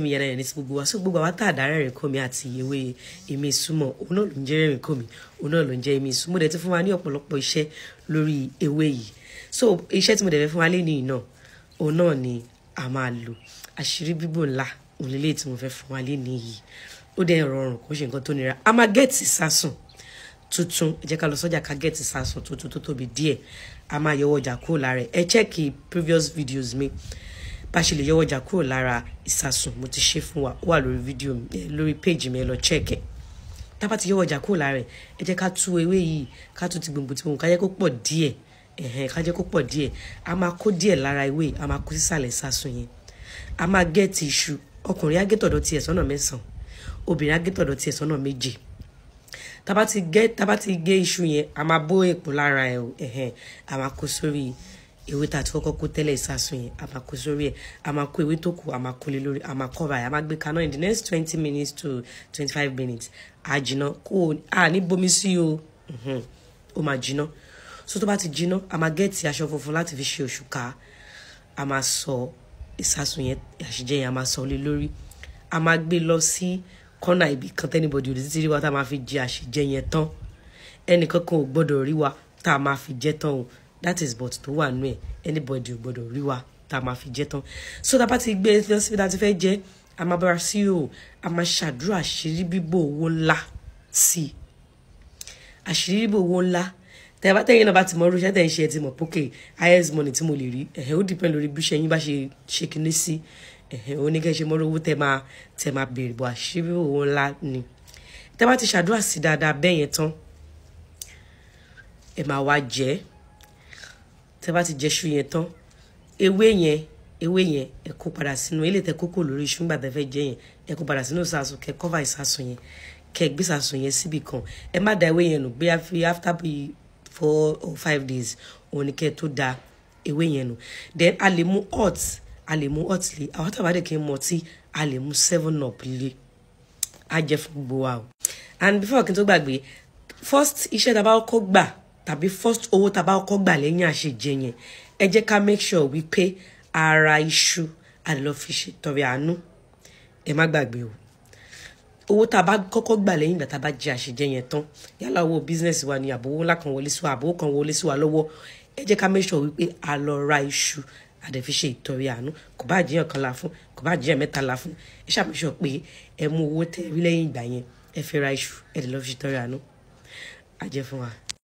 mi yẹn ní gbogbo wa so gbogbo àwa tá a dára rẹ̀ kọ́ mi àti ewé èmi súnmọ́ òun náà ló ń jẹ́ rẹ̀rìn kọ́ mi òun náà ló ń jẹ́ èmi súnmọ́ mo dẹ̀ ti fún wa ní ọ̀pọ̀lọpọ̀ iṣẹ́ lórí ewé yìí so iṣẹ́ tí mo dẹ̀ fẹ́ fún wa lé nìyí náà òun náà ni a máa lò àṣírí bíbò ńlá òun lélẹ́yìí tí mo fẹ́ fún wa lé nìyí ó dẹ̀ rọrùn kó ṣe nǹkan tó nira a máa gẹ́ẹ̀tì sásùn tuntun ẹ jẹ́ ká lọ sọ́jà ká gẹ́ẹ̀tì sásùn tuntun tó tóbi díẹ̀ a máa yọwọ́ bá ṣe lè yọwọ́ ọjà kúrò lára ìsàsùn mo ti ṣe fún wa ó wà lórí fídíò mi eh, lórí péjì mi ẹ lọ chẹ́ẹ̀kẹ́ tá bá ti yọwọ́ ọjà kúrò lára ẹ̀ ẹ jẹ́ ká tú ewé yìí ká tú ti gbòǹgbò tí mo ká jẹ́ kó pọ̀ díẹ̀ ẹ̀hẹ̀n ká jẹ́ kó pọ̀ díẹ̀ a máa kó díẹ̀ lára ewé a máa kó sísàlẹ̀ ìsàsùn yẹn a máa gẹ́ẹ̀tì iṣu ọkùnrin agẹ́tọ̀dọ̀ tiẹ̀ sọ́nà mẹ́sàn obìnrin agẹ́tọ̀dọ̀ tiẹ̀ sọ́nà méje tábà ti gé iṣu yẹn a máa bó èpò lára ẹ̀ ẹ̀hẹ̀n a máa kó sórí ewé tá a ti kọ́kọ́ kó tẹ́lẹ̀ ìsàsùn yẹn a máa kó sórí ẹ̀ a máa kó ewé tó kù a máa kó lórí a máa kọ́ báyìí a máa gbé kaná in the next twenty minutes to twenty five minutes a jìnnà kó o a ní bomi sí o mhm. ó máa jìnnà so tó bá ti jìnnà a máa gẹ́ẹ̀tì aṣọ funfun láti fi ṣe òṣùká a máa sọ ìsàsùn yẹn àṣìjẹ yẹn a máa sọ lé lórí a máa gbé lọ sí kọ́nà ibì kan tẹ́nibọ̀dì òdì títí wa tá a máa fi jẹ àṣìjẹ yẹn tán ẹnìkan ò gbọ́dọ̀ rí wa tá a máa fi jẹ tán o that is but tó wà nú ẹ̀ anybody ò gbọ́dọ̀ rí wa tá a máa fi jẹ tán so tá a bá ti gbé lọ síbi tá a ti fẹ́ jẹ a máa bára sí o a máa ṣàdúrà àṣírí bíbò owó ńlá sí i àṣírí bíbò owó ńlá tẹ bá tẹ̀yin náà bá ti mọ irúṣẹ́ tẹ ń ṣe ẹ ti mọ pókè highest money tí mo lè rí ẹhẹ ó dìpẹ́ lórí bí ṣẹyìn bá ṣe ṣe kinní sí ẹhẹ ó ní kẹ́ ṣe mọ́rọ́ owó tẹ máa tẹ máa béèrè bọ̀ àṣírí bíbò owó ńlá ni tẹ bá ti ṣàdúrà sí dáadáa bẹ́ẹ̀ yẹn tán ẹ máa wá jẹ́ tẹ́ bá ti jẹṣu yẹn tán ewé yẹn ewé yẹn ẹ kó padà sínú ilé tẹ́ kókò lórí iṣu nígbà tẹ́ fẹ́ jẹ yẹn ẹ kó padà sínú sàsùn kẹ́ cover ìsàsùn yẹn kẹ́ gbé sàsùn yẹn síbì kan ẹ má da ewé yẹn nù gbé after bí four or five days òun ni kẹ́ tó da ewé yẹn nù then a lè mú hot a lè mú hot lé àwọn tó bá dé kí n mọ tí a lè mú seven up lé a jẹ fún gbogbo wa o and before kí n tó gbàgbé first iṣẹ́ tá a bá kọ́ gbà tàbí first owó tá a bá kọ́kọ́ gbà lẹ́yìn àṣejẹ yẹn ẹ jẹ́ ká make sure wípé ara iṣu àdìlọ́ fi àánú ẹ má gbàgbé o owó tá a bá kọ́kọ́ gbà lẹ́yìn ìgbà tá a bá jẹ àṣejẹ yẹn tán yálà owó bísínẹ́sì wa ni àbówó ńlá kan wọlé sí wa àbówó kan wọlé sí wa lọ́wọ́ ẹ jẹ́ ká make sure wípé a lọ ra iṣu àdẹ̀fi ṣe ìtọrẹ àánú kò bá jiyàn kan la fún kò bá jiyàn mẹ́ta la fún ẹ ṣàmìṣọ pé ẹ mú owó tẹ rí lẹ́yìn ìgbà yẹn ẹ fi ra iṣu ẹ dẹ̀ lọ fi ṣètọrẹ àánú àjẹfún wa.